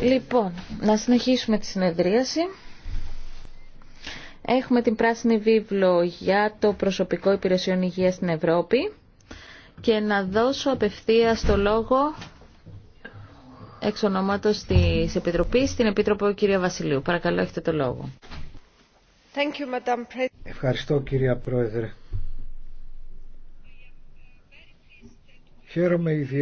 Λοιπόν, να συνεχίσουμε τη συνεδρίαση. Έχουμε την πράσινη βίβλο για το προσωπικό υπηρεσιών υγείας στην Ευρώπη και να δώσω απευθείας το λόγο εξ ονόματος της Επιτροπής, την Επίτροπο κυρία Βασιλείου. Παρακαλώ, έχετε το λόγο. Thank you, Madam Ευχαριστώ κυρία Πρόεδρε. Χαίρομαι ιδιαίτερα